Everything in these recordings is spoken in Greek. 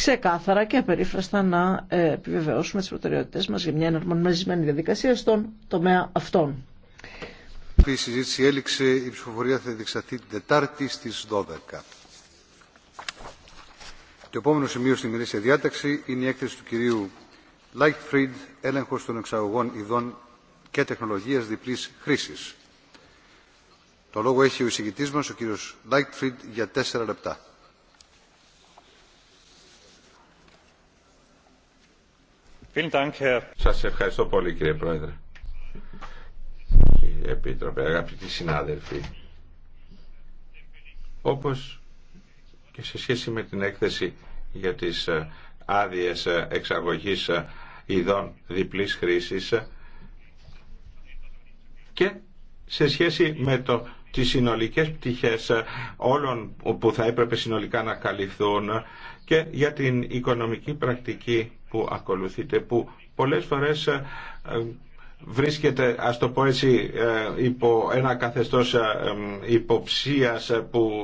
ξεκάθαρα και απερίφραστα να ε, επιβεβαιώσουμε τις προτεραιότητες μας για μια εναρμονισμένη διαδικασία στον τομέα αυτών. Η συζήτηση έληξε, η ψηφοφορία θα διεξαθεί την Τετάρτη στις 12. Το επόμενο σημείο στην ημερήσια διάταξη είναι η έκθεση του κυρίου Lightfried, έλεγχος των εξαγωγών ειδών και τεχνολογίας διπλής χρήσης. Το λόγο έχει ο εισηγητής μας, ο κύριος Lightfried, για τέσσερα λεπτά. Σας ευχαριστώ πολύ κύριε Πρόεδρε. Κύριε Επίτροπε, αγαπητοί συνάδελφοι, όπως και σε σχέση με την έκθεση για τις ε, άδειες ε, εξαγωγής ε, ειδών διπλής χρήσης και σε σχέση με το τις συνολικές πτυχές όλων που θα έπρεπε συνολικά να καλυφθούν και για την οικονομική πρακτική που ακολουθείτε, που πολλές φορές ε, βρίσκεται, ας το πω έτσι, ε, υπό ένα καθεστώς ε, υποψίας που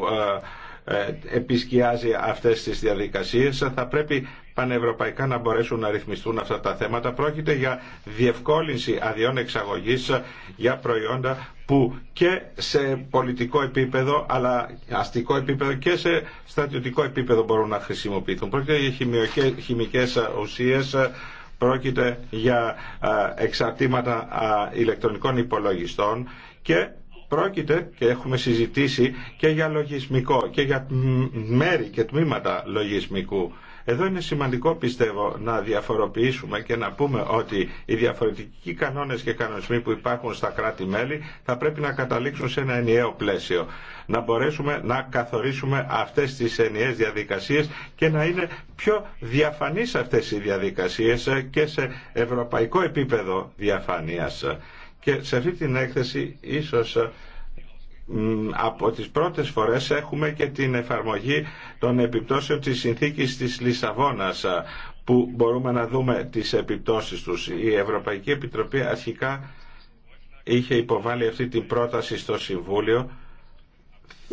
επισκιάζει αυτές τις διαδικασίες θα πρέπει πανευρωπαϊκά να μπορέσουν να ρυθμιστούν αυτά τα θέματα. Πρόκειται για διευκόλυνση αδειών εξαγωγής για προϊόντα που και σε πολιτικό επίπεδο αλλά αστικό επίπεδο και σε στρατιωτικό επίπεδο μπορούν να χρησιμοποιηθούν. Πρόκειται για χημικές ουσίες, πρόκειται για εξαρτήματα ηλεκτρονικών υπολογιστών και πρόκειται και έχουμε συζητήσει και για λογισμικό και για μέρη και τμήματα λογισμικού. Εδώ είναι σημαντικό πιστεύω να διαφοροποιήσουμε και να πούμε ότι οι διαφορετικοί κανόνες και κανονισμοί που υπάρχουν στα κράτη-μέλη θα πρέπει να καταλήξουν σε ένα ενιαίο πλαίσιο. Να μπορέσουμε να καθορίσουμε αυτές τις ενιαίες διαδικασίες και να είναι πιο διαφανείς αυτές οι διαδικασίες και σε ευρωπαϊκό επίπεδο διαφανείας. Και σε αυτή την έκθεση ίσως από τις πρώτες φορές έχουμε και την εφαρμογή των επιπτώσεων της συνθήκης της Λισαβόνας που μπορούμε να δούμε τις επιπτώσεις τους. Η Ευρωπαϊκή Επιτροπή αρχικά είχε υποβάλει αυτή την πρόταση στο Συμβούλιο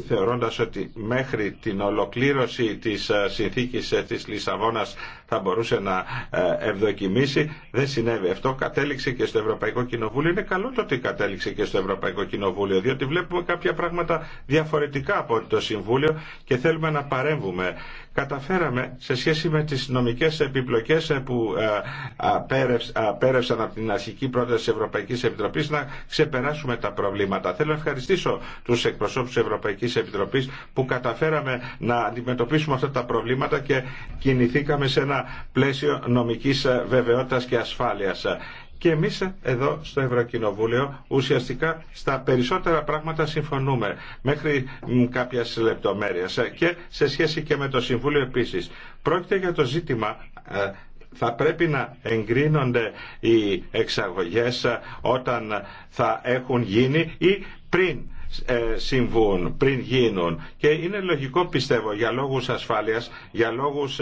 θεωρώντας ότι μέχρι την ολοκλήρωση της ε, συνθήκης ε, της Λισαβόνας θα μπορούσε να ε, ευδοκιμήσει. Δεν συνέβη αυτό. Κατέληξε και στο Ευρωπαϊκό Κοινοβούλιο. Είναι καλό το ότι κατέληξε και στο Ευρωπαϊκό Κοινοβούλιο, διότι βλέπουμε κάποια πράγματα διαφορετικά από το Συμβούλιο και θέλουμε να παρέμβουμε καταφέραμε σε σχέση με τις νομικές επιπλοκές ε, που ε, πέρευσαν από την αρχική πρόταση της Ευρωπαϊκής Επιτροπής να ξεπεράσουμε τα προβλήματα. Θέλω να ευχαριστήσω τους εκπροσώπους της Ευρωπαϊκής Επιτροπής που καταφέραμε να αντιμετωπίσουμε αυτά τα προβλήματα και κινηθήκαμε σε ένα πλαίσιο νομικής ε, βεβαιότητας και ασφάλειας. Και εμείς εδώ στο Ευρωκοινοβούλιο ουσιαστικά στα περισσότερα πράγματα συμφωνούμε μέχρι κάποιες λεπτομέρειες και σε σχέση και με το Συμβούλιο επίσης. Πρόκειται για το ζήτημα ε, θα πρέπει να εγκρίνονται οι εξαγωγές ε, όταν θα έχουν γίνει ή πριν ε, συμβούν, πριν γίνουν. Και είναι λογικό πιστεύω για λόγους ασφάλειας, για λόγους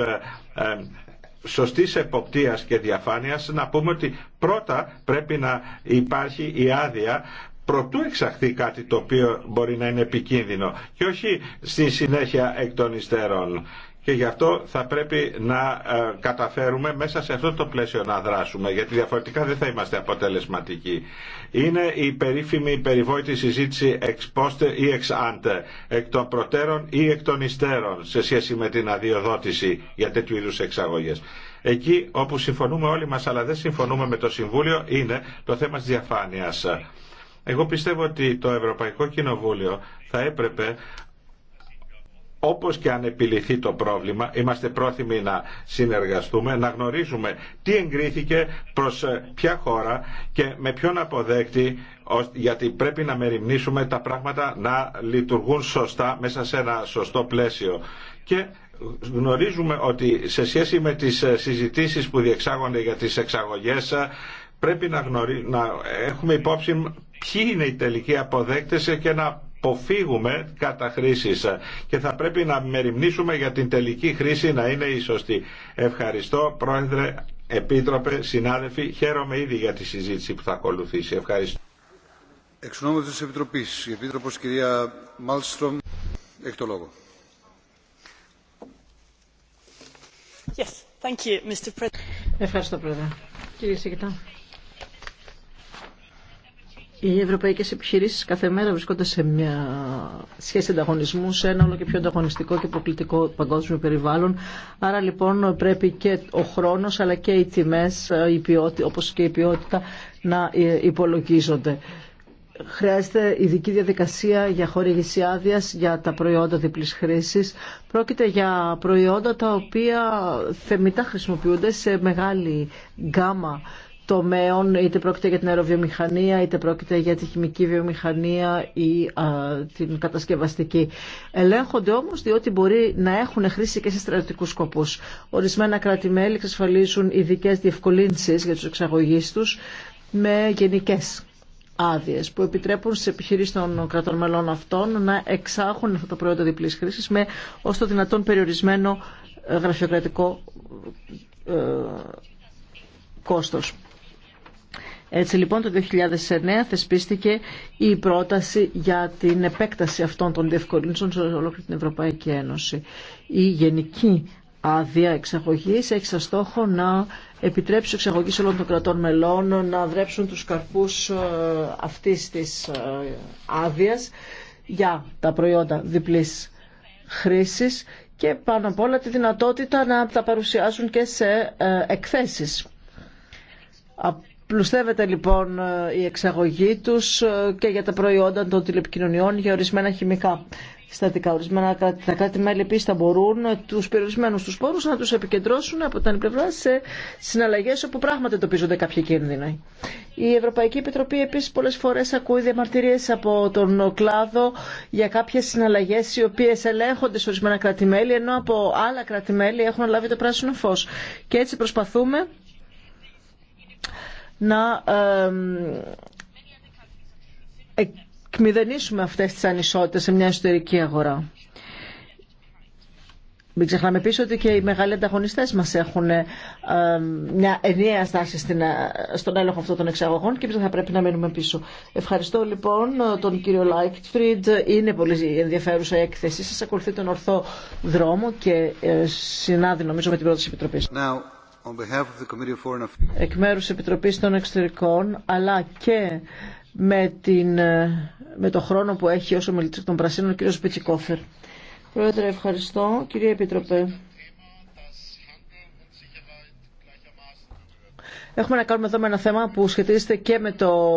σωστής εποπτείας και διαφάνειας να πούμε ότι πρώτα πρέπει να υπάρχει η άδεια προτού εξαχθεί κάτι το οποίο μπορεί να είναι επικίνδυνο και όχι στη συνέχεια εκ των υστέρων και γι' αυτό θα πρέπει να ε, καταφέρουμε μέσα σε αυτό το πλαίσιο να δράσουμε, γιατί διαφορετικά δεν θα είμαστε αποτελεσματικοί. Είναι η περίφημη περιβόητη συζήτηση εξ post ή εξ ante, εκ των προτέρων ή εκ των υστέρων, σε σχέση με την αδειοδότηση για τέτοιου είδους εξαγωγές. Εκεί όπου συμφωνούμε όλοι μας, αλλά δεν συμφωνούμε με το Συμβούλιο, είναι το θέμα της διαφάνειας. Εγώ πιστεύω ότι το Ευρωπαϊκό Κοινοβούλιο θα έπρεπε όπως και αν επιληθεί το πρόβλημα, είμαστε πρόθυμοι να συνεργαστούμε, να γνωρίζουμε τι εγκρίθηκε, προς ε, ποια χώρα και με ποιον αποδέκτη, γιατί πρέπει να μεριμνήσουμε τα πράγματα να λειτουργούν σωστά μέσα σε ένα σωστό πλαίσιο. Και γνωρίζουμε ότι σε σχέση με τις ε, συζητήσεις που διεξάγονται για τις εξαγωγές, ε, πρέπει να, να έχουμε υπόψη ποιοι είναι οι τελικοί αποδέκτες και να αποφύγουμε καταχρήσεις και θα πρέπει να μεριμνήσουμε για την τελική χρήση να είναι η σωστή. Ευχαριστώ Πρόεδρε, Επίτροπε, συνάδελφοι. Χαίρομαι ήδη για τη συζήτηση που θα ακολουθήσει. Ευχαριστώ. Εξ ονόματος της Επιτροπής, η Επίτροπος κυρία Μάλστρομ έχει το λόγο. Yes, thank you, Mr. President. Ευχαριστώ Πρόεδρε. Κύριε Σιγητά. Οι ευρωπαϊκές επιχειρήσεις κάθε μέρα βρισκόνται σε μια σχέση ανταγωνισμού, σε ένα όλο και πιο ανταγωνιστικό και προκλητικό παγκόσμιο περιβάλλον. Άρα λοιπόν πρέπει και ο χρόνος αλλά και οι τιμές, η ποιότητα, όπως και η ποιότητα να ε, υπολογίζονται. Χρειάζεται ειδική διαδικασία για χορήγηση άδεια για τα προϊόντα διπλή χρήση. Πρόκειται για προϊόντα τα οποία θεμητά χρησιμοποιούνται σε μεγάλη γκάμα τομέων, είτε πρόκειται για την αεροβιομηχανία, είτε πρόκειται για τη χημική βιομηχανία ή την κατασκευαστική. Ελέγχονται όμω διότι μπορεί να έχουν χρήση και σε στρατιωτικου σκοπους σκοπούς. Ορισμένα κράτη-μέλη εξασφαλίζουν ειδικέ διευκολύνσεις για του εξαγωγείς του με γενικέ άδειες που επιτρέπουν στις επιχειρήσεις των κρατών μελών αυτών να εξάγουν αυτά τα προϊόντα διπλής χρήσης με ως το δυνατόν περιορισμένο γραφειοκρατικό ε, κόστος. Έτσι λοιπόν το 2009 θεσπίστηκε η πρόταση για την επέκταση αυτών των διευκολύνσεων σε ολόκληρη την Ευρωπαϊκή Ένωση. Η γενική άδεια εξαγωγή έχει σαν στόχο να επιτρέψει εξαγωγή όλων των κρατών μελών να δρέψουν τους καρπούς ε, αυτής της ε, άδεια για τα προϊόντα διπλής χρήσης και πάνω απ' όλα τη δυνατότητα να τα παρουσιάζουν και σε ε, εκθέσεις Πλουστεύεται λοιπόν ε, η εξαγωγή τους ε, και για τα προϊόντα των τηλεπικοινωνιών για ορισμένα χημικά στατικά. Ορισμένα τα κράτη-μέλη επίση θα μπορούν ε, του περιορισμένου του πόρου να του επικεντρώσουν από την άλλη πλευρά σε συναλλαγέ όπου πράγματι εντοπίζονται κάποιοι κίνδυνοι. Η Ευρωπαϊκή Επιτροπή επίση πολλέ φορέ ακούει διαμαρτυρίε από τον κλάδο για κάποιε συναλλαγέ οι οποίε ελέγχονται σε ορισμένα κράτη-μέλη ενώ από άλλα κράτη-μέλη έχουν λάβει το πράσινο φω. Και έτσι προσπαθούμε να εκμηδενήσουμε αυτές τις ανισότητες σε μια εσωτερική αγορά. Μην ξεχνάμε επίση ότι και οι μεγάλοι ανταγωνιστέ μα έχουν μια ενιαία στάση στην, στον έλεγχο αυτών των εξαγωγών και θα πρέπει να μείνουμε πίσω. Ευχαριστώ λοιπόν τον κύριο Λάικτφριντ. Είναι πολύ ενδιαφέρουσα η έκθεση. Σα ακολουθεί τον ορθό δρόμο και ε, συνάδει νομίζω με την πρόταση Επιτροπή εκ μέρους Επιτροπής των Εξωτερικών αλλά και με, την, ε, με το χρόνο που έχει ως ομιλητής των Πρασίνων ο κ. Πιτσικόφερ. Πρόεδρε, ευχαριστώ. Κύριε Επίτροπε. Έχουμε να κάνουμε εδώ με ένα θέμα που σχετίζεται και με το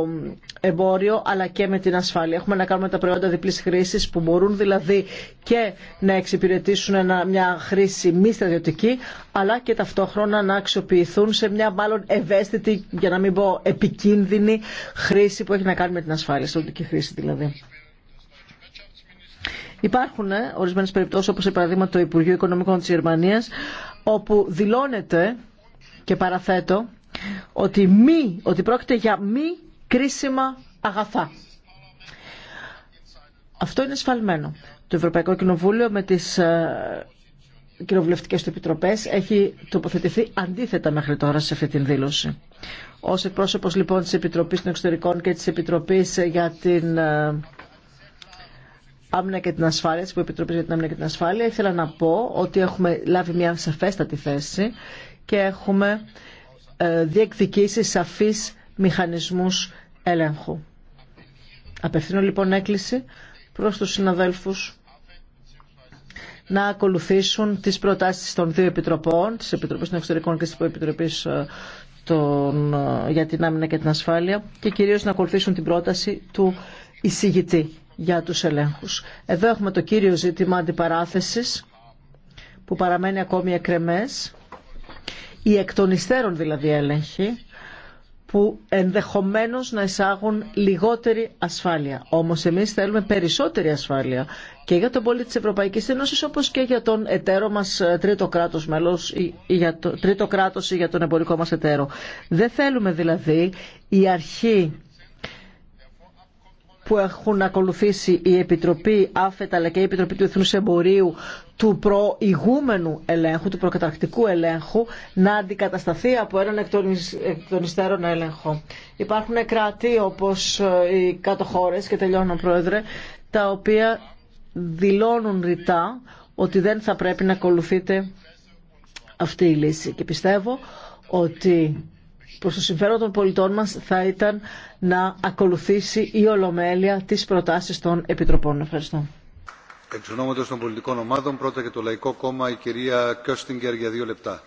εμπόριο αλλά και με την ασφάλεια. Έχουμε να κάνουμε τα προϊόντα διπλή χρήση που μπορούν δηλαδή και να εξυπηρετήσουν μια χρήση μη στρατιωτική αλλά και ταυτόχρονα να αξιοποιηθούν σε μια μάλλον ευαίσθητη, για να μην πω επικίνδυνη χρήση που έχει να κάνει με την ασφάλεια, στρατιωτική χρήση δηλαδή. Υπάρχουν ε, ορισμένε περιπτώσει όπω παραδείγμα το Υπουργείο Οικονομικών τη Γερμανία όπου δηλώνεται και παραθέτω ότι, μη, ότι πρόκειται για μη κρίσιμα αγαθά. Αυτό είναι σφαλμένο. Το Ευρωπαϊκό Κοινοβούλιο με τις ε, κοινοβουλευτικές του επιτροπές έχει τοποθετηθεί αντίθετα μέχρι τώρα σε αυτή την δήλωση. Ως εκπρόσωπος λοιπόν της Επιτροπής των Εξωτερικών και της Επιτροπής για την ε, Άμυνα και την Ασφάλεια, που Επιτροπή για την Άμυνα και την Ασφάλεια, ήθελα να πω ότι έχουμε λάβει μια σαφέστατη θέση και έχουμε ε, διεκδικήσει σαφείς μηχανισμούς έλεγχου. Απευθύνω λοιπόν έκκληση προς τους συναδέλφους να ακολουθήσουν τις προτάσεις των δύο επιτροπών, της Επιτροπής των Εξωτερικών και της Επιτροπής ε, ε, για την Άμυνα και την Ασφάλεια και κυρίως να ακολουθήσουν την πρόταση του εισηγητή για τους ελέγχους. Εδώ έχουμε το κύριο ζήτημα αντιπαράθεσης που παραμένει ακόμη εκρεμές οι εκ των υστέρων δηλαδή έλεγχοι, που ενδεχομένως να εισάγουν λιγότερη ασφάλεια. Όμως εμείς θέλουμε περισσότερη ασφάλεια και για τον πολίτη της Ευρωπαϊκής Ένωσης όπως και για τον εταίρο μας ε, τρίτο κράτος μέλος ή για, το, τρίτο κράτος ή για τον εμπορικό μας εταίρο. Δεν θέλουμε δηλαδή η αρχή που έχουν ακολουθήσει η Επιτροπή ΑΦΕΤ αλλά και η Επιτροπή του Εθνούς Εμπορίου του προηγούμενου ελέγχου, του προκαταρκτικού ελέγχου, να αντικατασταθεί από έναν εκ έλεγχο. Υπάρχουν κράτη όπως ε, οι κάτω και τελειώνω πρόεδρε, τα οποία δηλώνουν ρητά ότι δεν θα πρέπει να ακολουθείται αυτή η λύση. Και πιστεύω ότι προς το συμφέρον των πολιτών μας θα ήταν να ακολουθήσει η Ολομέλεια της προτάσεις των Επιτροπών. Ευχαριστώ. Εξ ονόματος των πολιτικών ομάδων, πρώτα και το Λαϊκό Κόμμα, η κυρία Κιώστιγκερ για δύο λεπτά.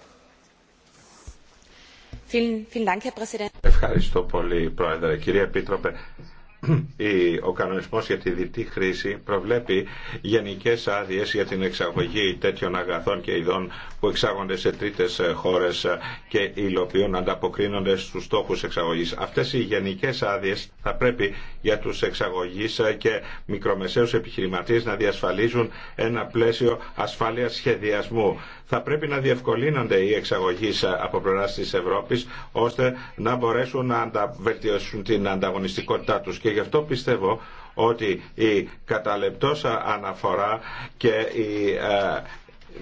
Ευχαριστώ πολύ, Πρόεδρε. Κυρία Επίτροπε, ο κανονισμός για τη διτή χρήση προβλέπει γενικές άδειες για την εξαγωγή τέτοιων αγαθών και ειδών που εξάγονται σε τρίτες ε, χώρες ε, και υλοποιούν ανταποκρίνονται στους στόχους εξαγωγής. Αυτές οι γενικές άδειες θα πρέπει για τους εξαγωγείς ε, και μικρομεσαίους επιχειρηματίες να διασφαλίζουν ένα πλαίσιο ασφάλειας σχεδιασμού θα πρέπει να διευκολύνονται οι εξαγωγεί ε, από πλευρά τη Ευρώπη ώστε να μπορέσουν να βελτιώσουν την ανταγωνιστικότητά του. Και γι' αυτό πιστεύω ότι η καταλεπτόσα ε, αναφορά και οι ε,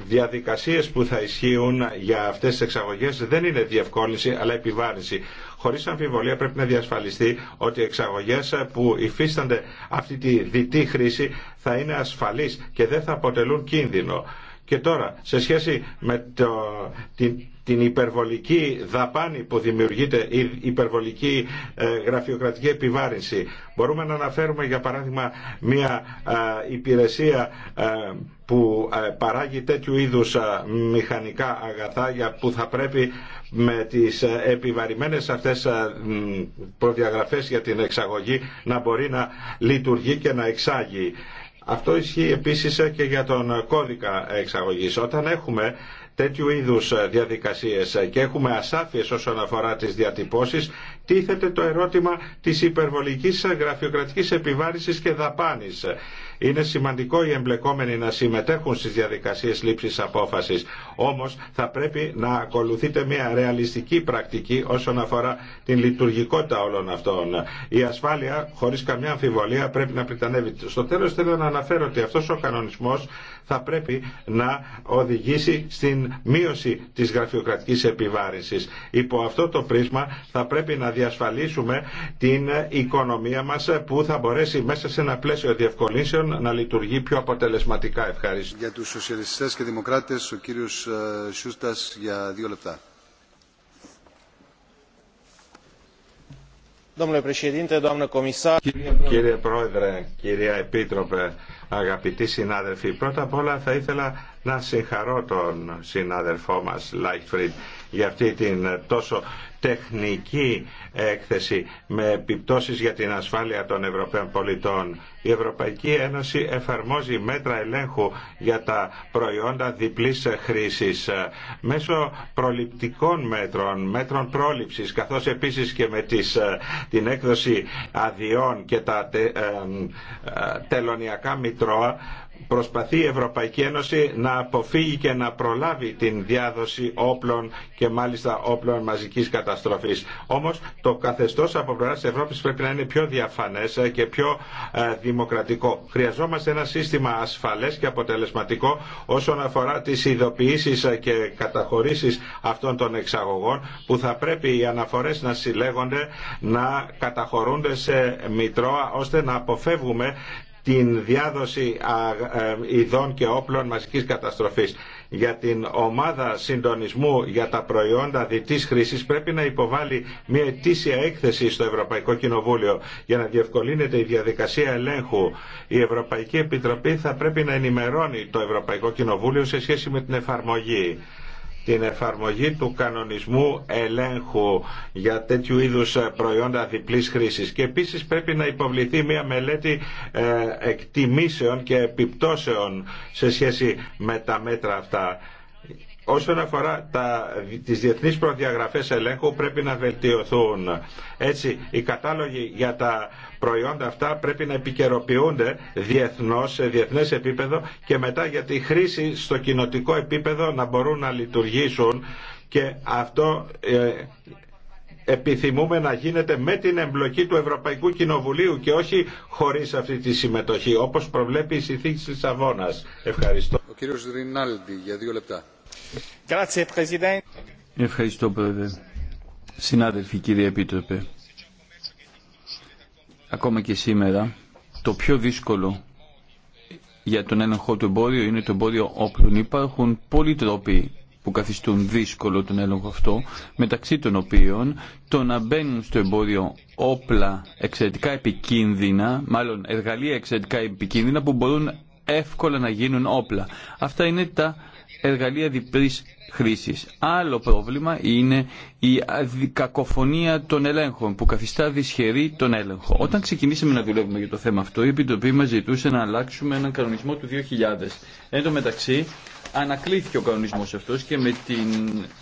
διαδικασίες που θα ισχύουν για αυτές τις εξαγωγές δεν είναι διευκόλυνση αλλά επιβάρυνση. Χωρίς αμφιβολία πρέπει να διασφαλιστεί ότι οι εξαγωγές που υφίστανται αυτή τη διτή χρήση θα είναι ασφαλείς και δεν θα αποτελούν κίνδυνο. Και τώρα, σε σχέση με το, την, την υπερβολική δαπάνη που δημιουργείται, η υπερβολική ε, γραφειοκρατική επιβάρυνση. Μπορούμε να αναφέρουμε για παράδειγμα μια ε, υπηρεσία ε, που παράγει τέτοιου είδους μηχανικά αγαθά για που θα πρέπει με τις επιβαρημένες αυτές προδιαγραφές για την εξαγωγή να μπορεί να λειτουργεί και να εξάγει. Αυτό ισχύει επίσης και για τον κώδικα εξαγωγής. Όταν έχουμε τέτοιου είδους διαδικασίες και έχουμε ασάφειες όσον αφορά τις διατυπώσεις, τίθεται το ερώτημα της υπερβολικής γραφειοκρατικής επιβάρησης και δαπάνης. Είναι σημαντικό οι εμπλεκόμενοι να συμμετέχουν στις διαδικασίες λήψης απόφασης. Όμως θα πρέπει να ακολουθείτε μια ρεαλιστική πρακτική όσον αφορά την λειτουργικότητα όλων αυτών. Η ασφάλεια χωρίς καμιά αμφιβολία πρέπει να πριτανεύει. Στο τέλος θέλω να αναφέρω ότι αυτός ο κανονισμός θα πρέπει να οδηγήσει στην μείωση της γραφειοκρατικής επιβάρησης. Υπό αυτό το πρίσμα θα πρέπει να διασφαλίσουμε την οικονομία μας που θα μπορέσει μέσα σε ένα πλαίσιο διευκολύνσεων να λειτουργεί πιο αποτελεσματικά. Ευχαριστώ. Για τους σοσιαλιστές και δημοκράτες, ο κύριος ε, Σούστας για δύο λεπτά. Κύριε Πρόεδρε, κυρία Επίτροπε, αγαπητοί συνάδελφοι, πρώτα απ' όλα θα ήθελα να συγχαρώ τον συνάδελφό μας Λάιχφριντ για αυτή την τόσο τεχνική έκθεση με επιπτώσεις για την ασφάλεια των Ευρωπαίων πολιτών. Η Ευρωπαϊκή Ένωση εφαρμόζει μέτρα ελέγχου για τα προϊόντα διπλής χρήσης ε, μέσω προληπτικών μέτρων, μέτρων πρόληψης, καθώς επίσης και με τις, ε, την έκδοση αδειών και τα τε, ε, τελωνιακά μητρώα προσπαθεί η Ευρωπαϊκή Ένωση να αποφύγει και να προλάβει την διάδοση όπλων και μάλιστα όπλων μαζικής καταστροφής. Όμως το καθεστώς από πλευρά της Ευρώπης πρέπει να είναι πιο διαφανές και πιο ε, δημοκρατικό. Χρειαζόμαστε ένα σύστημα ασφαλές και αποτελεσματικό όσον αφορά τις ειδοποιήσεις ε, και καταχωρήσεις αυτών των εξαγωγών που θα πρέπει οι αναφορές να συλλέγονται, να καταχωρούνται σε μητρώα ώστε να αποφεύγουμε την διάδοση ε, ειδών και όπλων μαζικής καταστροφής. Για την ομάδα συντονισμού για τα προϊόντα διτής χρήσης πρέπει να υποβάλει μια ετήσια έκθεση στο Ευρωπαϊκό Κοινοβούλιο για να διευκολύνεται η διαδικασία ελέγχου. Η Ευρωπαϊκή Επιτροπή θα πρέπει να ενημερώνει το Ευρωπαϊκό Κοινοβούλιο σε σχέση με την εφαρμογή την εφαρμογή του κανονισμού ελέγχου για τέτοιου είδους ε, προϊόντα διπλής χρήσης. Και επίσης πρέπει να υποβληθεί μια μελέτη ε, εκτιμήσεων και επιπτώσεων σε σχέση με τα μέτρα αυτά. Όσον αφορά τα, τις διεθνείς προδιαγραφές ελέγχου πρέπει να βελτιωθούν. Έτσι, οι κατάλογοι για τα προϊόντα αυτά πρέπει να επικαιροποιούνται διεθνώς, σε διεθνές επίπεδο και μετά για τη χρήση στο κοινοτικό επίπεδο να μπορούν να λειτουργήσουν και αυτό ε, επιθυμούμε να γίνεται με την εμπλοκή του Ευρωπαϊκού Κοινοβουλίου και όχι χωρίς αυτή τη συμμετοχή, όπως προβλέπει η συνθήκη της Σαβώνας. Ευχαριστώ. Ο κύριος Ρινάλντι για λεπτά. Ευχαριστώ πρόεδρε. Συνάδελφοι κύριε Επίτροπε, ακόμα και σήμερα το πιο δύσκολο για τον έλεγχο του εμπόριου είναι το εμπόριο όπλων. Υπάρχουν πολλοί τρόποι που καθιστούν δύσκολο τον έλεγχο αυτό, μεταξύ των οποίων το να μπαίνουν στο εμπόριο όπλα εξαιρετικά επικίνδυνα, μάλλον εργαλεία εξαιρετικά επικίνδυνα που μπορούν εύκολα να γίνουν όπλα. Αυτά είναι τα εργαλεία διπλής χρήσης. Άλλο πρόβλημα είναι η κακοφωνία των ελέγχων που καθιστά δυσχερή τον έλεγχο. Όταν ξεκινήσαμε να δουλεύουμε για το θέμα αυτό, η Επιτροπή μας ζητούσε να αλλάξουμε έναν κανονισμό του 2000. Εν τω μεταξύ, ανακλήθηκε ο κανονισμός αυτός και με την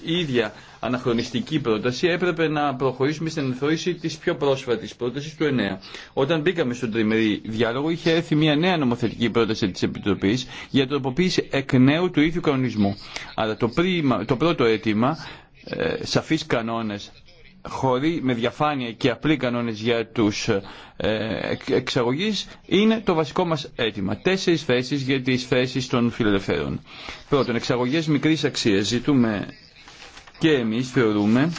ίδια αναχρονιστική πρόταση έπρεπε να προχωρήσουμε στην ενθορήση της πιο πρόσφατης πρότασης του 9. Όταν μπήκαμε στον τριμερή διάλογο είχε έρθει μια νέα νομοθετική πρόταση της Επιτροπής για τροποποίηση εκ νέου του ίδιου κανονισμού. Άρα το, το πρώτο αίτημα, ε, σαφείς κανόνες χωρί, με διαφάνεια και απλή κανόνες για τους ε, εξαγωγείς είναι το βασικό μας αίτημα. Τέσσερις θέσεις για τις θέσεις των φιλελευθέρων. Πρώτον, εξαγωγές μικρής αξίας ζητούμε και εμείς θεωρούμε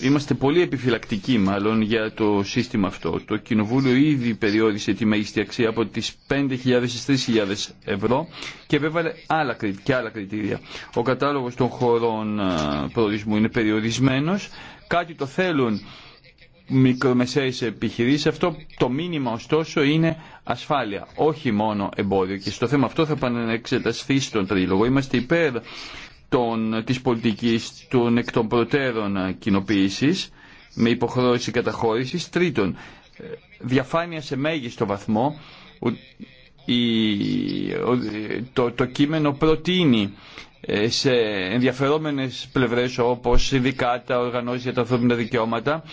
είμαστε πολύ επιφυλακτικοί μάλλον για το σύστημα αυτό. Το Κοινοβούλιο ήδη περιόρισε τη μέγιστη αξία από τις 5.000 στις 3.000 ευρώ και βέβαια άλλα, και άλλα κριτήρια. Ο κατάλογος των χωρών προορισμού είναι περιορισμένος. Κάτι το θέλουν μικρομεσαίες επιχειρήσεις. Αυτό το μήνυμα ωστόσο είναι ασφάλεια, όχι μόνο εμπόριο. Και στο θέμα αυτό θα εξεταστεί στον τρίλογο. Είμαστε υπέρ των, της πολιτικής των εκ των προτέρων κοινοποίησης με υποχρέωση καταχώρησης. Τρίτον, διαφάνεια σε μέγιστο βαθμό. το, το κείμενο προτείνει ε, σε ενδιαφερόμενες πλευρές όπως τα οργανώσεις για τα ανθρώπινα δικαιώματα,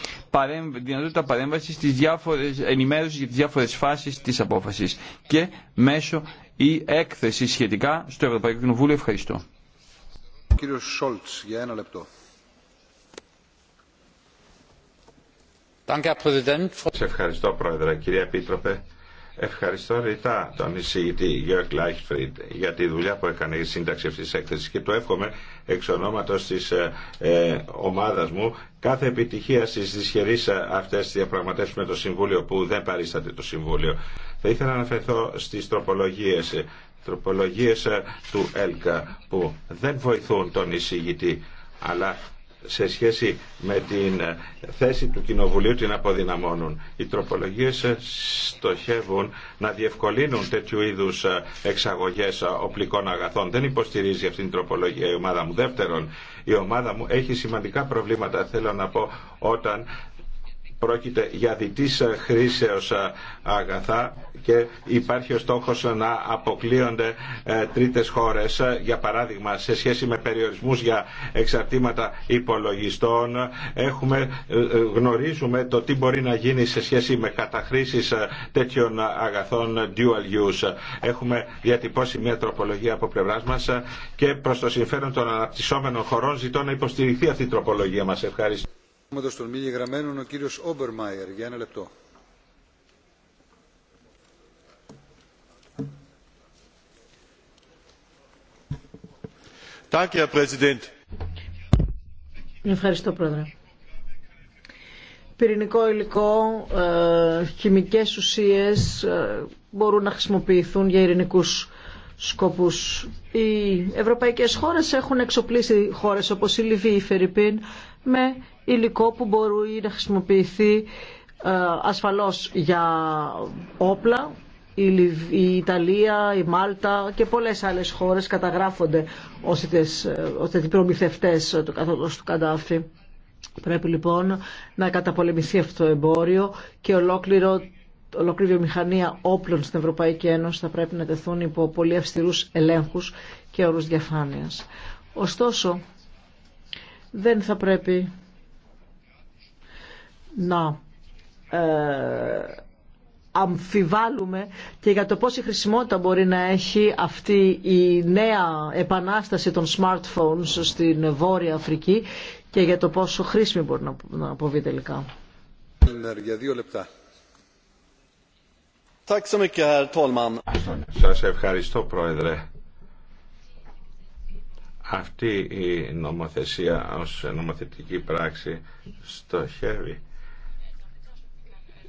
δυνατότητα παρέμβασης στις διάφορες, ενημέρωση για τις διάφορες φάσεις της απόφασης και μέσω ή έκθεση σχετικά στο Ευρωπαϊκό Κοινοβούλιο. Ευχαριστώ κύριος Σόλτς για ένα λεπτό. ευχαριστώ Πρόεδρε. Κυρία Επίτροπε, Ευχαριστώ ρητά τον εισηγητή Γιώργ Λάιχφριντ για τη δουλειά που έκανε η σύνταξη αυτή τη έκθεση και το εύχομαι εξ ονόματο τη ε, ε, ομάδα μου κάθε επιτυχία στι δυσχερεί ε, αυτέ τι διαπραγματεύσει με το Συμβούλιο που δεν παρίσταται το Συμβούλιο. Θα ήθελα να αναφερθώ στι τροπολογίε τροπολογίες του ΕΛΚΑ που δεν βοηθούν τον εισηγητή αλλά σε σχέση με την ε, θέση του Κοινοβουλίου την αποδυναμώνουν. Οι τροπολογίες ε, στοχεύουν να διευκολύνουν τέτοιου είδους ε, εξαγωγές οπλικών αγαθών. Δεν υποστηρίζει αυτήν την τροπολογία η ομάδα μου. Δεύτερον, η ομάδα μου έχει σημαντικά προβλήματα, θέλω να πω, όταν πρόκειται για διτής χρήσεως ε, αγαθά και υπάρχει ο στόχος να αποκλείονται ε, τρίτες χώρες ε, για παράδειγμα σε σχέση με περιορισμούς για εξαρτήματα υπολογιστών έχουμε, γνωρίζουμε το τι μπορεί να γίνει σε σχέση με καταχρήσεις τέτοιων αγαθών dual use. Έχουμε διατυπώσει μια τροπολογία από πλευρά μα και προς το συμφέρον των αναπτυσσόμενων χωρών ζητώ να υποστηριχθεί αυτή η τροπολογία μας. Ευχαριστώ ο κύριος για ένα λεπτό. Ευχαριστώ, Πρόεδρε. Πυρηνικό υλικό, ε, χημικές ουσίες ε, μπορούν να χρησιμοποιηθούν για ειρηνικούς σκοπούς. Οι ευρωπαϊκές χώρες έχουν εξοπλίσει χώρες όπως η Λιβύη, η Φερρυπίν, με υλικό που μπορεί να χρησιμοποιηθεί ε, ασφαλώς για όπλα. Η Ιταλία, η Μάλτα και πολλές άλλες χώρες καταγράφονται ως οι ε, προμηθευτές του καθόλου του Καντάφη. Πρέπει λοιπόν να καταπολεμηθεί αυτό το εμπόριο και ολόκληρο ολόκληρη βιομηχανία όπλων στην Ευρωπαϊκή Ένωση θα πρέπει να τεθούν υπό πολύ αυστηρούς ελέγχους και όρους διαφάνειας. Ωστόσο, δεν θα πρέπει να ε, αμφιβάλλουμε και για το πόση χρησιμότητα μπορεί να έχει αυτή η νέα επανάσταση των smartphones στην Βόρεια Αφρική και για το πόσο χρήσιμη μπορεί να αποβεί τελικά. Για δύο λεπτά. Σας ευχαριστώ Πρόεδρε αυτή η νομοθεσία ως νομοθετική πράξη στοχεύει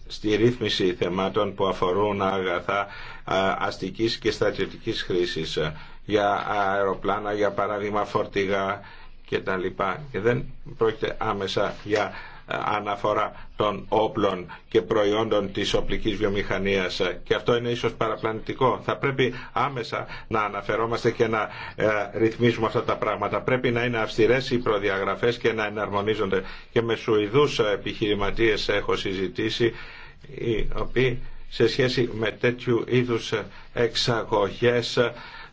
στη ρύθμιση θεμάτων που αφορούν αγαθά αστικής και στρατιωτικής χρήσης ε, για αεροπλάνα, για παράδειγμα φορτηγά και τα λοιπά. Και δεν πρόκειται άμεσα για αναφορά των όπλων και προϊόντων της οπλικής βιομηχανίας και αυτό είναι ίσως παραπλανητικό. Θα πρέπει άμεσα να αναφερόμαστε και να ε, ρυθμίσουμε αυτά τα πράγματα. Πρέπει να είναι αυστηρές οι προδιαγραφές και να εναρμονίζονται. Και με Σουηδούς επιχειρηματίες έχω συζητήσει οι οποίοι σε σχέση με τέτοιου είδους εξαγωγές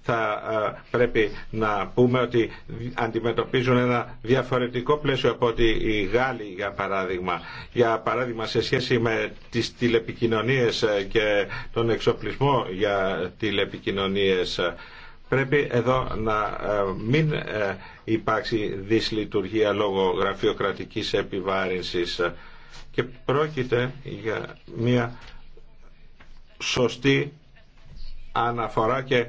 θα ε, πρέπει να πούμε ότι αντιμετωπίζουν ένα διαφορετικό πλαίσιο από ότι οι Γάλλοι για παράδειγμα. Για παράδειγμα σε σχέση με τις τηλεπικοινωνίες ε, και τον εξοπλισμό για τηλεπικοινωνίες ε, πρέπει εδώ να μην υπάρξει δυσλειτουργία λόγω γραφειοκρατικής επιβάρυνσης και πρόκειται για μια σωστή αναφορά και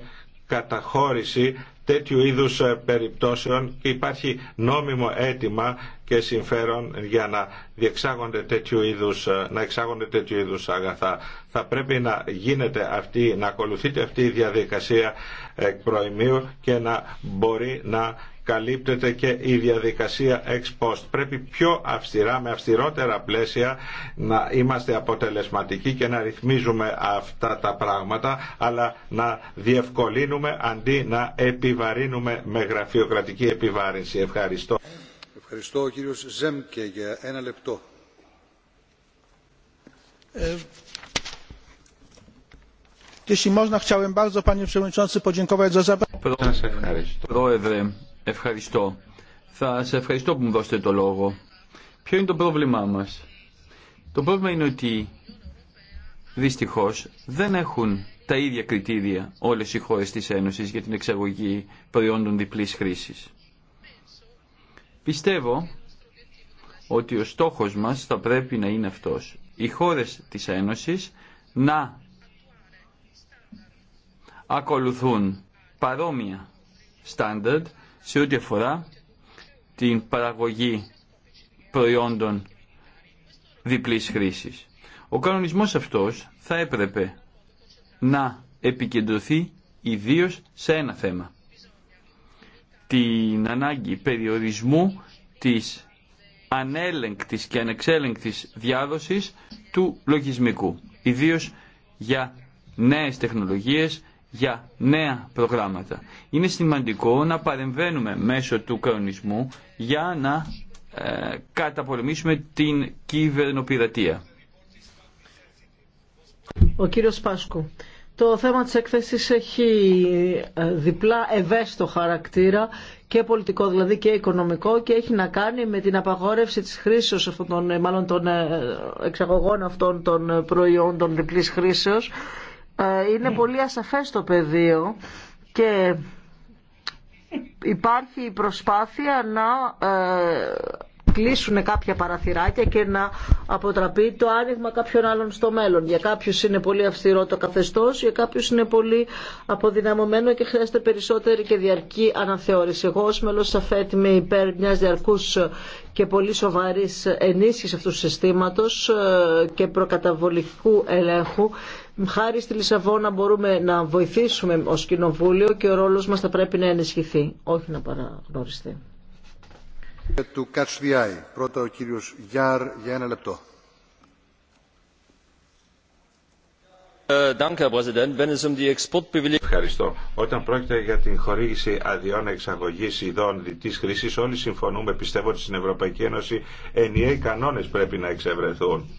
καταχώρηση τέτοιου είδους ε, περιπτώσεων και υπάρχει νόμιμο αίτημα και συμφέρον για να διεξάγονται τέτοιου είδους, ε, να εξάγονται τέτοιου είδους αγαθά. Θα πρέπει να γίνεται αυτή, να ακολουθείται αυτή η διαδικασία ε, εκ προημίου και να μπορεί να καλύπτεται και η διαδικασία ex post. Πρέπει πιο αυστηρά, με αυστηρότερα πλαίσια να είμαστε αποτελεσματικοί και να ρυθμίζουμε αυτά τα πράγματα, αλλά να διευκολύνουμε αντί να επιβαρύνουμε με γραφειοκρατική επιβάρυνση. Ευχαριστώ. Ευχαριστώ ο κύριος Ζέμκε για ένα λεπτό. Ε, Jeśli można, chciałem bardzo, panie przewodniczący, podziękować za zabranie. Ευχαριστώ. Θα σε ευχαριστώ που μου δώσετε το λόγο. Ποιο είναι το πρόβλημά μας. Το πρόβλημα είναι ότι δυστυχώς δεν έχουν τα ίδια κριτήρια όλες οι χώρες της Ένωσης για την εξαγωγή προϊόντων διπλής χρήσης. Πιστεύω ότι ο στόχος μας θα πρέπει να είναι αυτός. Οι χώρες της Ένωσης να ακολουθούν παρόμοια στάνταρτ σε ό,τι αφορά την παραγωγή προϊόντων διπλής χρήσης. Ο κανονισμός αυτός θα έπρεπε να επικεντρωθεί ιδίως σε ένα θέμα. Την ανάγκη περιορισμού της ανέλεγκτης και ανεξέλεγκτης διάδοσης του λογισμικού, ιδίως για νέες τεχνολογίες για νέα προγράμματα. Είναι σημαντικό να παρεμβαίνουμε μέσω του κανονισμού για να ε, καταπολεμήσουμε την κυβερνοπειρατεία. Ο κύριος Πάσκου. Το θέμα της έκθεσης έχει ε, διπλά ευαίσθητο χαρακτήρα και πολιτικό δηλαδή και οικονομικό και έχει να κάνει με την απαγόρευση της χρήσεως αυτών των, ε, μάλλον των εξαγωγών αυτών των προϊόντων διπλής χρήσεως ε, είναι πολύ ασαφές το πεδίο και υπάρχει η προσπάθεια να ε, κλείσουν κάποια παραθυράκια και να αποτραπεί το άνοιγμα κάποιων άλλων στο μέλλον. Για κάποιους είναι πολύ αυστηρό το καθεστώς, για κάποιους είναι πολύ αποδυναμωμένο και χρειάζεται περισσότερη και διαρκή αναθεώρηση. Εγώ ως μέλος σαφέτη υπέρ μιας διαρκούς και πολύ σοβαρής ενίσχυσης αυτού του συστήματος ε, και προκαταβολικού ελέγχου χάρη στη Λισαβόνα μπορούμε να βοηθήσουμε ως κοινοβούλιο και ο ρόλος μας θα πρέπει να ενισχυθεί, όχι να παραγνωριστεί. Ε, του Πρώτα ο κύριος Γιάρ για ένα λεπτό. Ε, um Ευχαριστώ. Όταν πρόκειται για την χορήγηση αδειών εξαγωγή ειδών διτή χρήση, όλοι συμφωνούμε, πιστεύω, ότι στην Ευρωπαϊκή Ένωση ενιαίοι κανόνε πρέπει να εξευρεθούν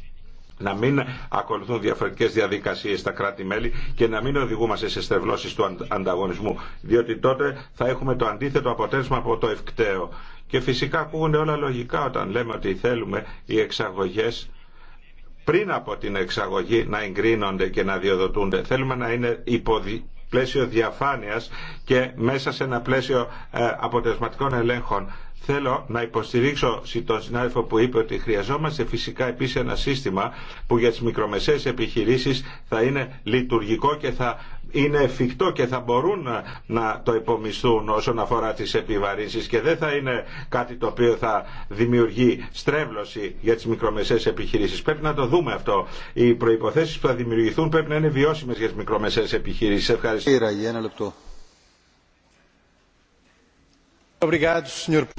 να μην ακολουθούν διαφορετικέ διαδικασίε στα κράτη-μέλη και να μην οδηγούμαστε σε στρεβλώσει του ανταγωνισμού. Διότι τότε θα έχουμε το αντίθετο αποτέλεσμα από το ευκταίο. Και φυσικά ακούγονται όλα λογικά όταν λέμε ότι θέλουμε οι εξαγωγέ πριν από την εξαγωγή να εγκρίνονται και να διοδοτούνται. Θέλουμε να είναι υπό πλαίσιο διαφάνειας και μέσα σε ένα πλαίσιο ε, αποτελεσματικών ελέγχων Θέλω να υποστηρίξω τον συνάδελφο που είπε ότι χρειαζόμαστε φυσικά επίση ένα σύστημα που για τι μικρομεσαίε επιχειρήσει θα είναι λειτουργικό και θα είναι εφικτό και θα μπορούν να το υπομισθούν όσον αφορά τις επιβαρύνσεις και δεν θα είναι κάτι το οποίο θα δημιουργεί στρέβλωση για τις μικρομεσαίες επιχειρήσεις. Πρέπει να το δούμε αυτό. Οι προϋποθέσεις που θα δημιουργηθούν πρέπει να είναι βιώσιμες για τις μικρομεσαίες επιχειρήσεις. Ευχαριστώ. για ένα λεπτό.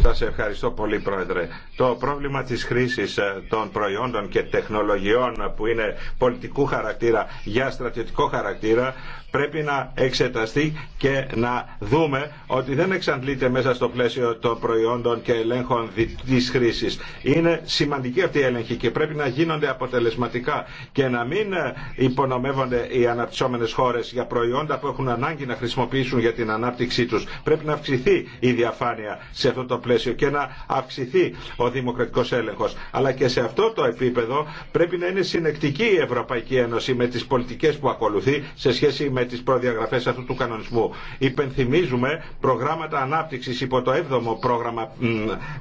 Σας ευχαριστώ πολύ Πρόεδρε. Το πρόβλημα της χρήσης ε, των προϊόντων και τεχνολογιών που είναι πολιτικού χαρακτήρα για στρατιωτικό χαρακτήρα πρέπει να εξεταστεί και να δούμε ότι δεν εξαντλείται μέσα στο πλαίσιο των προϊόντων και ελέγχων τη χρήση. Είναι σημαντική αυτή η έλεγχη και πρέπει να γίνονται αποτελεσματικά και να μην ε, υπονομεύονται οι αναπτυσσόμενε χώρε για προϊόντα που έχουν ανάγκη να χρησιμοποιήσουν για την ανάπτυξή του. Πρέπει να αυξηθεί η διαφάνεια σε αυτό το πλαίσιο και να αυξηθεί ο δημοκρατικό έλεγχο. Αλλά και σε αυτό το επίπεδο πρέπει να είναι συνεκτική η Ευρωπαϊκή Ένωση με τι πολιτικέ που ακολουθεί σε σχέση με με τις προδιαγραφές αυτού του κανονισμού. Υπενθυμίζουμε προγράμματα ανάπτυξης υπό το 7ο πρόγραμμα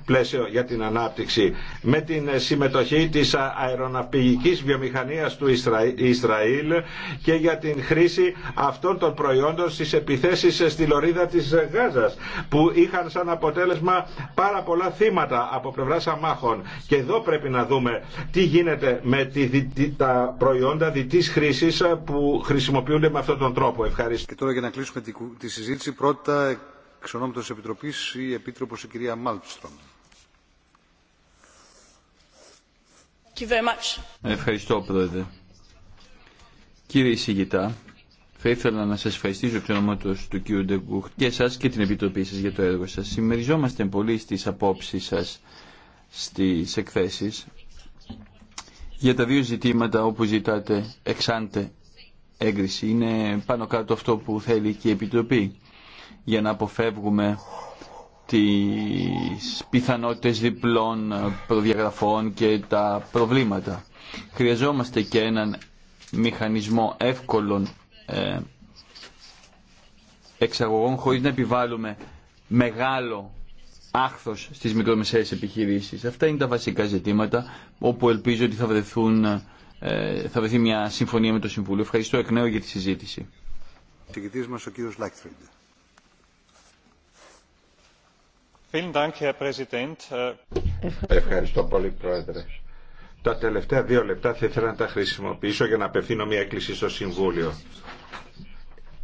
πλαίσιο για την ανάπτυξη με την συμμετοχή της αεροναυπηγικής βιομηχανίας του Ισραήλ και για την χρήση αυτών των προϊόντων στις επιθέσεις στη λωρίδα της Γάζας που είχαν σαν αποτέλεσμα πάρα πολλά θύματα από πλευρά αμάχων. Και εδώ πρέπει να δούμε τι γίνεται με τα προϊόντα διτής χρήσης που χρησιμοποιούνται με αυτόν τον τον τρόπο. Ευχαριστώ. Και τώρα για να κλείσουμε τη συζήτηση, πρώτα εξ ονόματο Επιτροπή η Επίτροπο η κυρία Μάλτστρομ. Ευχαριστώ, Πρόεδρε. Κύριε Ισηγητά, θα ήθελα να σας ευχαριστήσω εξ ονόματος του κ. Ντεγκούχτ και σας και την Επιτροπή σας για το έργο σας. Συμμεριζόμαστε πολύ στις απόψεις σας στις εκθέσεις για τα δύο ζητήματα όπου ζητάτε εξάντε έγκριση. Είναι πάνω κάτω αυτό που θέλει και η Επιτροπή για να αποφεύγουμε τις πιθανότητες διπλών προδιαγραφών και τα προβλήματα. Χρειαζόμαστε και έναν μηχανισμό εύκολων ε, εξαγωγών χωρίς να επιβάλλουμε μεγάλο άχθος στις μικρομεσαίες επιχειρήσεις. Αυτά είναι τα βασικά ζητήματα όπου ελπίζω ότι θα βρεθούν ε, θα βρεθεί μια συμφωνία με το Συμβούλιο. Ευχαριστώ εκ νέου για τη συζήτηση. μας ο κύριος Ευχαριστώ πολύ, Πρόεδρε. Τα τελευταία δύο λεπτά θα ήθελα να τα χρησιμοποιήσω για να απευθύνω μια έκκληση στο Συμβούλιο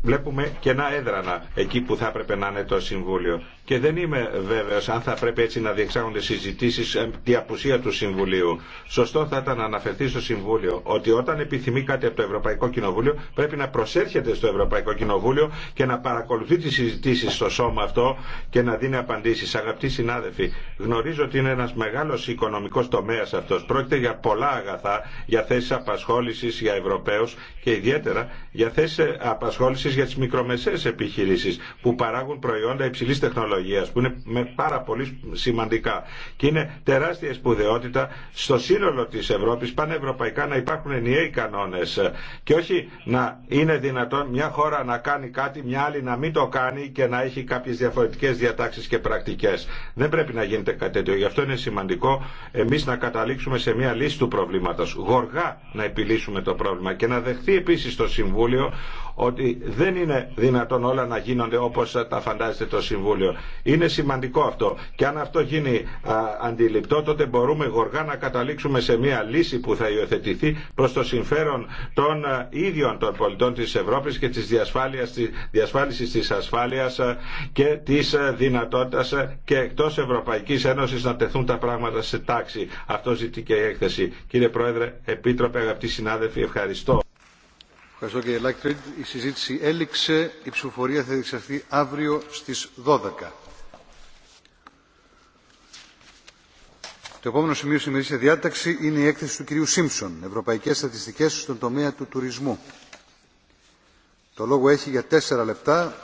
βλέπουμε κενά έδρανα εκεί που θα έπρεπε να είναι το Συμβούλιο. Και δεν είμαι βέβαιος αν θα πρέπει έτσι να διεξάγονται συζητήσεις ε, τη απουσία του Συμβουλίου. Σωστό θα ήταν να αναφερθεί στο Συμβούλιο ότι όταν επιθυμεί κάτι από το Ευρωπαϊκό Κοινοβούλιο πρέπει να προσέρχεται στο Ευρωπαϊκό Κοινοβούλιο και να παρακολουθεί τι συζητήσει στο σώμα αυτό και να δίνει απαντήσει. Αγαπητοί συνάδελφοι, γνωρίζω ότι είναι ένα μεγάλο οικονομικό τομέα αυτό. Πρόκειται για πολλά αγαθά, για θέσει απασχόληση για Ευρωπαίου και ιδιαίτερα για θέσει απασχόληση για τις μικρομεσαίες επιχειρήσεις που παράγουν προϊόντα υψηλής τεχνολογίας που είναι πάρα πολύ σημαντικά και είναι τεράστια σπουδαιότητα στο σύνολο της Ευρώπης πανευρωπαϊκά να υπάρχουν ενιαίοι κανόνες και όχι να είναι δυνατόν μια χώρα να κάνει κάτι, μια άλλη να μην το κάνει και να έχει κάποιες διαφορετικές διατάξεις και πρακτικές. Δεν πρέπει να γίνεται κάτι τέτοιο. Γι' αυτό είναι σημαντικό εμείς να καταλήξουμε σε μια λύση του προβλήματος. Γοργά να επιλύσουμε το πρόβλημα και να δεχθεί επίσης το Συμβούλιο ότι δεν είναι δυνατόν όλα να γίνονται όπως τα φαντάζεται το Συμβούλιο. Είναι σημαντικό αυτό και αν αυτό γίνει αντιληπτό τότε μπορούμε γοργά να καταλήξουμε σε μια λύση που θα υιοθετηθεί προς το συμφέρον των ίδιων των πολιτών της Ευρώπης και της διασφάλισης της ασφάλειας και της δυνατότητας και εκτός Ευρωπαϊκής Ένωσης να τεθούν τα πράγματα σε τάξη. Αυτό ζητεί και η έκθεση. Κύριε Πρόεδρε, Επίτροπε, αγαπητοί συνάδελφοι, ευχαριστώ. Ευχαριστώ κύριε Λάκτριντ. Η συζήτηση έληξε. Η ψηφοφορία θα διεξαχθεί αύριο στις 12. Το επόμενο σημείο σημερινής διάταξη είναι η έκθεση του κυρίου Σίμψον, Ευρωπαϊκές Στατιστικές στον τομέα του τουρισμού. Το λόγο έχει για τέσσερα λεπτά